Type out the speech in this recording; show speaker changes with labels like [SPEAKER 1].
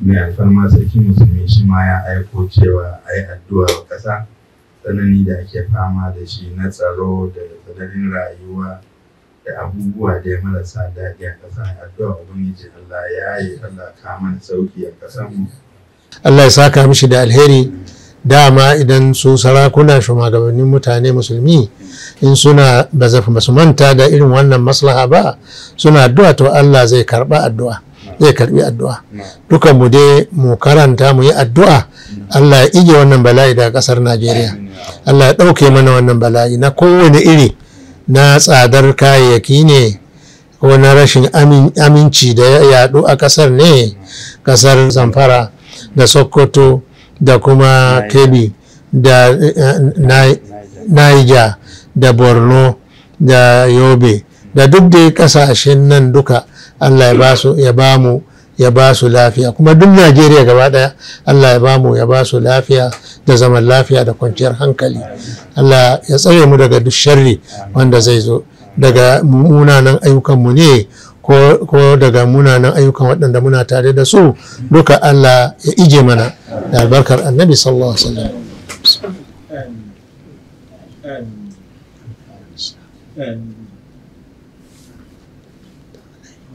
[SPEAKER 1] mai alfarma sarki musulmi shi ma ya aiko cewa a yi addu'a ƙasa tsanani da ake fama da shi na tsaro da tsananin rayuwa da abubuwa da ya marasa daɗi a ƙasa addu'a ubangiji Allah ya yi Allah kama sauki a ƙasar mu
[SPEAKER 2] Allah ya saka mishi da alheri dama idan su sarakuna shugabannin mutane musulmi in suna ba su manta da irin wannan maslaha ba suna addu'a to Allah zai karba addu'a zai karbi addu'a dukan mu dai mu karanta mu yi addu'a Allah ya ije wannan bala'i daga kasar Najeriya Allah ya ɗauke mana wannan bala'i na kowane iri na tsadar kayayyaki ne ko na rashin aminci da ya yaɗu a kasar ne kasar zamfara da sokoto da kuma kebbi da eh, eh, niger da borno da yobe da duk da kasashen nan duka Allah ya ba mu ya ba su lafiya kuma duk Najeriya gaba daya Allah ya ba mu ya ba su lafiya da zaman lafiya da kwanciyar hankali Allah ya tsare mu daga duk sharri wanda zai zo daga munanan ayyukan mu ne ko daga munanan ayyukan waɗanda muna tare da su duka Allah ya ije mana da albarkar annabi sallallahu alaihi wasallam
[SPEAKER 1] and